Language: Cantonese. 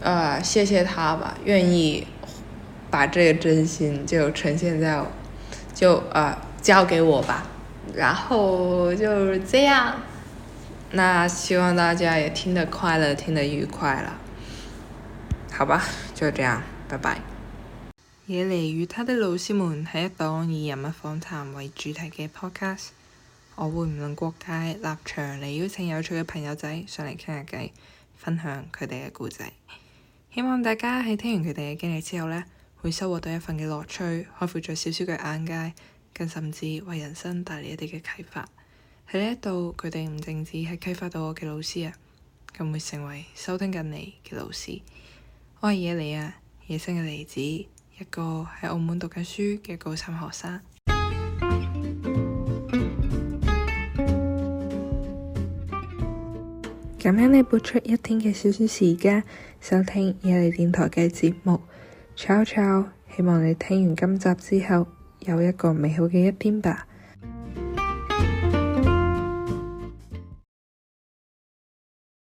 呃，uh, 謝謝他吧，願意把這個真心就呈現在我，就呃、uh, 交給我吧，然後就這樣， 那希望大家也聽得快樂，聽得愉快啦，好吧，就這樣，拜拜。野梨與他的老師們係一檔以人物訪談為主題嘅 podcast，我會唔論國界立場嚟邀請有趣嘅朋友仔上嚟傾下偈，分享佢哋嘅故仔。希望大家喺聽完佢哋嘅經歷之後呢，會收穫到一份嘅樂趣，開闊咗少少嘅眼界，更甚至為人生帶嚟一啲嘅啟發。喺呢一度，佢哋唔淨止係啟發到我嘅老師啊，更會成為收聽緊你嘅老師。我係野梨啊，野生嘅梨子，一個喺澳門讀緊書嘅高三學生。咁樣咧，你撥出一天嘅少少時間。收聽野梨電台嘅節目，Ciao ciao，希望你聽完今集之後有一個美好嘅一天吧。